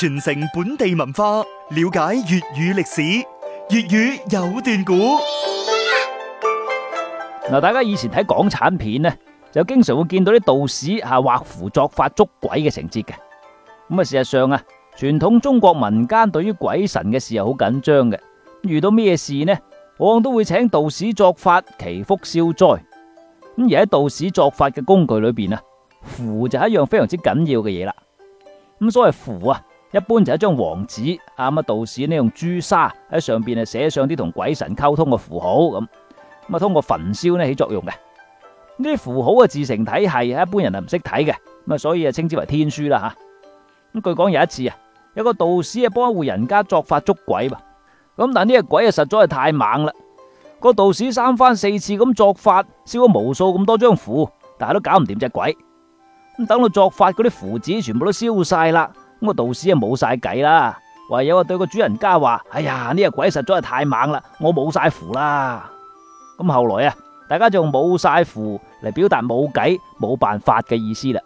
傳承本地文化，了解粵語歷史，粵語有段古嗱。大家以前睇港產片咧，就經常會見到啲道士吓畫符作法捉鬼嘅情節嘅。咁啊，事實上啊，傳統中國民間對於鬼神嘅事係好緊張嘅。遇到咩事咧，往往都會請道士作法祈福消災。咁而喺道士作法嘅工具裏邊啊，符就係一樣非常之緊要嘅嘢啦。咁所謂符啊。一般就係一張黃紙，啊道士呢用朱砂喺上邊啊寫上啲同鬼神溝通嘅符號咁，咁啊通過焚燒呢起作用嘅，呢啲符號嘅自成體系，一般人係唔識睇嘅，咁所以啊稱之為天書啦吓。咁據講有一次啊，有個道士啊幫一戶人家作法捉鬼噃，咁但呢個鬼啊實在係太猛啦，個道士三番四次咁作法燒咗無數咁多張符，但係都搞唔掂隻鬼。咁等到作法嗰啲符紙全部都燒晒啦。咁、個道士冇晒計啦，唯有對個主人家話：哎呀，呢、個鬼實在係太猛啦，我冇晒符啦。咁後來啊，大家就用冇晒符嚟表達冇計、冇辦法嘅意思啦。